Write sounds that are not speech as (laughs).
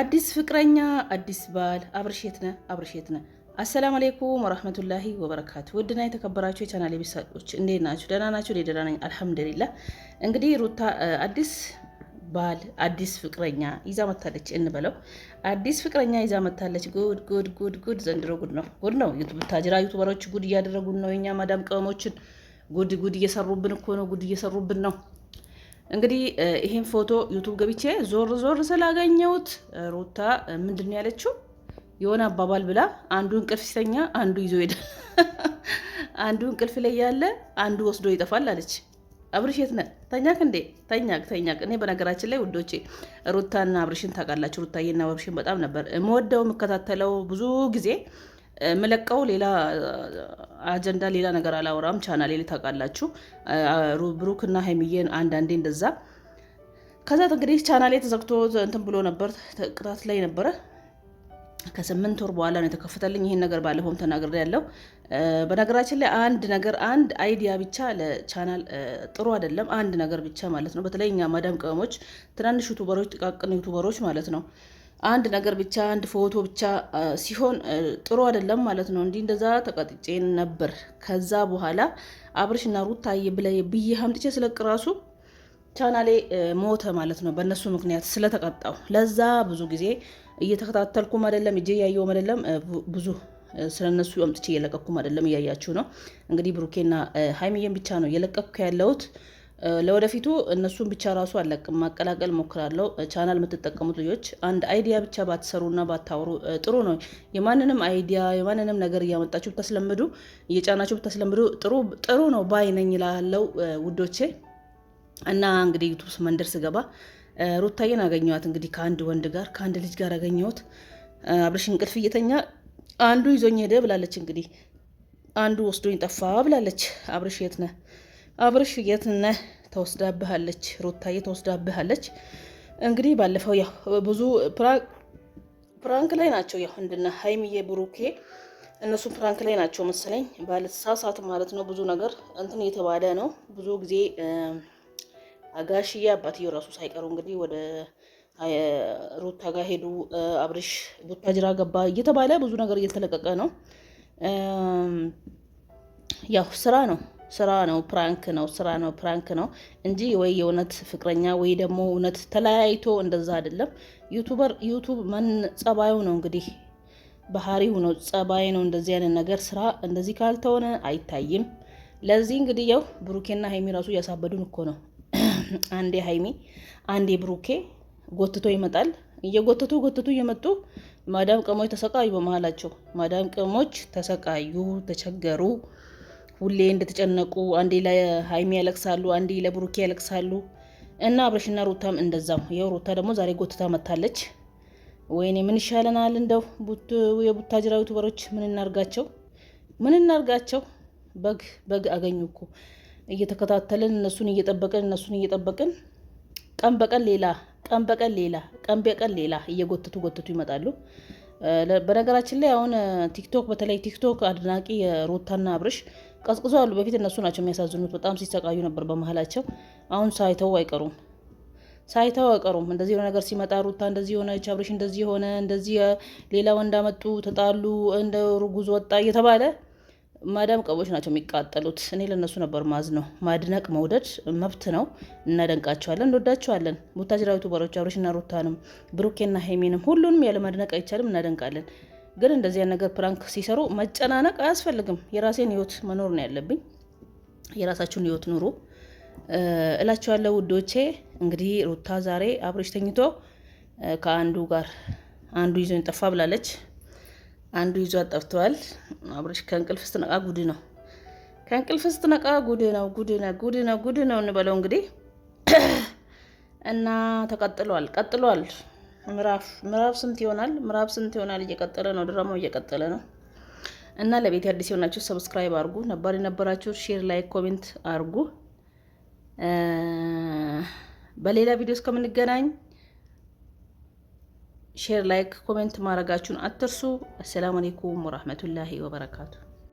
አዲስ ፍቅረኛ አዲስ ባል አብርሼት ነ አብርሼት ነ። አሰላም አሌይኩም ወረህመቱላሂ ወበረካቱ። ውድና የተከበራችሁ የቻናል የቤተሰቦች እንዴት ናችሁ? ደህና ናችሁ? እኔ ደህና ነኝ አልሐምዱሊላ። እንግዲህ ሩታ አዲስ ባል አዲስ ፍቅረኛ ይዛ መታለች እንበለው። አዲስ ፍቅረኛ ይዛ መታለች። ጉድ ጉድ ጉድ ጉድ! ዘንድሮ ጉድ ነው ጉድ ነው። ዩቱብ ታጅራ ዩቱበሮች ጉድ እያደረጉን ነው። የኛ ማዳም ቅመሞችን ጉድ ጉድ እየሰሩብን እኮ ነው። ጉድ እየሰሩብን ነው። እንግዲህ ይሄን ፎቶ ዩቱብ ገብቼ ዞር ዞር ስላገኘሁት ሩታ ምንድን ነው ያለችው? የሆነ አባባል ብላ አንዱ እንቅልፍ ሲተኛ አንዱ ይዞ ሄደ፣ (laughs) አንዱ እንቅልፍ ላይ ያለ አንዱ ወስዶ ይጠፋል አለች። አብርሽት ነ ተኛክ እንዴ ተኛክ ተኛክ። እኔ በነገራችን ላይ ውዶቼ ሩታና አብርሽን ታውቃላችሁ። ሩታዬና አብርሽን በጣም ነበር የምወደው የምከታተለው ብዙ ጊዜ የምለቀው ሌላ አጀንዳ፣ ሌላ ነገር አላወራም። ቻናሌ ታውቃላችሁ፣ እና ሀይሚዬን አንዳንዴ እንደዛ ከዛ እንግዲህ ቻናሌ ተዘግቶ እንትን ብሎ ነበር፣ ቅጣት ላይ ነበረ። ከስምንት ወር በኋላ ነው የተከፈተልኝ። ይህን ነገር ባለፈውም ተናግሬ ያለው። በነገራችን ላይ አንድ ነገር አንድ አይዲያ ብቻ ለቻናል ጥሩ አይደለም። አንድ ነገር ብቻ ማለት ነው። በተለይ እኛ ማዳም ቅመሞች፣ ትናንሽ ዩቱበሮች፣ ጥቃቅን ዩቱበሮች ማለት ነው አንድ ነገር ብቻ አንድ ፎቶ ብቻ ሲሆን ጥሩ አይደለም ማለት ነው። እንዲህ እንደዛ ተቀጥጬ ነበር። ከዛ በኋላ አብርሽና ብለ ብዬ ሀምጥቼ ስለቅ ራሱ ቻናሌ ሞተ ማለት ነው። በእነሱ ምክንያት ስለተቀጣው ለዛ ብዙ ጊዜ እየተከታተልኩም አይደለም እጄ እያየሁም አይደለም ብዙ ስለነሱ አምጥቼ እየለቀኩም አይደለም። እያያችሁ ነው እንግዲህ ብሩኬና ሀይሚዬን ብቻ ነው እየለቀኩ ያለሁት። ለወደፊቱ እነሱን ብቻ ራሱ አለቅም ማቀላቀል ሞክራለሁ። ቻናል የምትጠቀሙት ልጆች አንድ አይዲያ ብቻ ባትሰሩና ባታወሩ ጥሩ ነው። የማንንም አይዲያ የማንንም ነገር እያመጣችሁ ብታስለምዱ እየጫናችሁ ብታስለምዱ ጥሩ ነው ባይነኝ ላለው ውዶቼ። እና እንግዲህ ዩቱብ መንደር ስገባ ሩታዬን አገኘዋት እንግዲህ ከአንድ ወንድ ጋር ከአንድ ልጅ ጋር አገኘሁት፣ አብረሽ እንቅልፍ እየተኛ አንዱ ይዞኝ ሄደ ብላለች። እንግዲህ አንዱ ወስዶኝ ጠፋ ብላለች። አብረሽ የት ነህ? አብረሽ የት ነህ? ተወስዳብሃለች፣ ሩታዬ ተወስዳብሃለች። እንግዲህ ባለፈው ያው ብዙ ፕራንክ ላይ ናቸው። ያው እንድና ሀይሚዬ ብሩኬ እነሱ ፕራንክ ላይ ናቸው መሰለኝ ባለተሳሳት ማለት ነው። ብዙ ነገር እንትን እየተባለ ነው ብዙ ጊዜ ጋሽዬ አባትየው ራሱ ሳይቀሩ እንግዲህ ወደ ሩታ ጋር ሄዱ። አብርሽ ቡታጅራ ገባ እየተባለ ብዙ ነገር እየተለቀቀ ነው። ያው ስራ ነው ስራ ነው ፕራንክ ነው ስራ ነው ፕራንክ ነው እንጂ ወይ የእውነት ፍቅረኛ ወይ ደግሞ እውነት ተለያይቶ እንደዛ አይደለም። ዩቱበር ዩቱብ ማን ጸባዩ ነው እንግዲህ ባህሪው ነው ጸባይ ነው። እንደዚህ አይነት ነገር ስራ እንደዚህ ካልተሆነ አይታይም። ለዚህ እንግዲህ ያው ብሩኬና ሀይሚ ራሱ እያሳበዱን እኮ ነው አንዴ ሀይሚ አንዴ ብሩኬ ጎትቶ ይመጣል። እየጎተቱ ጎትቱ እየመጡ ማዳም ቅመሞች ተሰቃዩ። በመሀላቸው ማዳም ቅሞች ተሰቃዩ፣ ተቸገሩ፣ ሁሌ እንደተጨነቁ አንዴ ለሀይሚ ያለቅሳሉ፣ አንዴ ለብሩኬ ያለቅሳሉ። እና አብረሽና ሩታም እንደዛም የው ሩታ ደግሞ ዛሬ ጎትታ መታለች። ወይኔ ምን ይሻለናል? እንደው ጅራዊ ቱበሮች ምን እናርጋቸው? ምን እናርጋቸው? በግ በግ አገኙ እኮ እየተከታተልን እነሱን እየጠበቅን እነሱን እየጠበቅን ቀን በቀን ሌላ ቀን በቀን ሌላ ቀን በቀን ሌላ እየጎተቱ ጎተቱ ይመጣሉ። በነገራችን ላይ አሁን ቲክቶክ በተለይ ቲክቶክ አድናቂ የሩታና አብርሽ ቀዝቅዞ አሉ። በፊት እነሱ ናቸው የሚያሳዝኑት። በጣም ሲሰቃዩ ነበር በመሀላቸው። አሁን ሳይተው አይቀሩም ሳይተው አይቀሩም። እንደዚህ የሆነ ነገር ሲመጣ ሩታ እንደዚህ የሆነች አብርሽ እንደዚህ የሆነ እንደዚህ ሌላ ወንድ አመጡ፣ ተጣሉ፣ እንደ ጉዞ ወጣ እየተባለ ማዳም ቀቦች ናቸው የሚቃጠሉት። እኔ ለነሱ ነበር ማዝ ነው። ማድነቅ መውደድ መብት ነው። እናደንቃቸዋለን፣ እንወዳቸዋለን። ቡታጅራ ዩቱበሮች አብሬሽና ሩታንም ብሩኬና ሄሜንም ሁሉንም ያለ ማድነቅ አይቻልም፣ እናደንቃለን። ግን እንደዚያ ነገር ፕራንክ ሲሰሩ መጨናነቅ አያስፈልግም። የራሴን ህይወት መኖር ነው ያለብኝ። የራሳችሁን ህይወት ኑሩ እላቸዋለሁ ውዶቼ። እንግዲህ ሩታ ዛሬ አብሮች ተኝቶ ከአንዱ ጋር አንዱ ይዞኝ ጠፋ ብላለች። አንዱ ይዟት ጠፍተዋል። አብረሽ ከእንቅልፍ ስትነቃ ጉድ ነው፣ ከእንቅልፍ ስትነቃ ጉድ ነው፣ ጉድ ነው፣ ጉድ ነው፣ ጉድ ነው እንበለው እንግዲህ እና ተቀጥሏል፣ ቀጥሏል። ምዕራፍ ምዕራፍ ስንት ይሆናል? ምዕራፍ ስንት ይሆናል? እየቀጠለ ነው፣ ድራማው እየቀጠለ ነው። እና ለቤት አዲስ የሆናችሁ ሰብስክራይብ አርጉ፣ ነባር የነበራችሁ ሼር፣ ላይክ፣ ኮሜንት አርጉ። በሌላ ቪዲዮ እስከምንገናኝ ሼር፣ ላይክ፣ ኮሜንት ማድረጋችሁን አትርሱ። አሰላሙ አሌይኩም ወራህመቱላሂ ወበረካቱ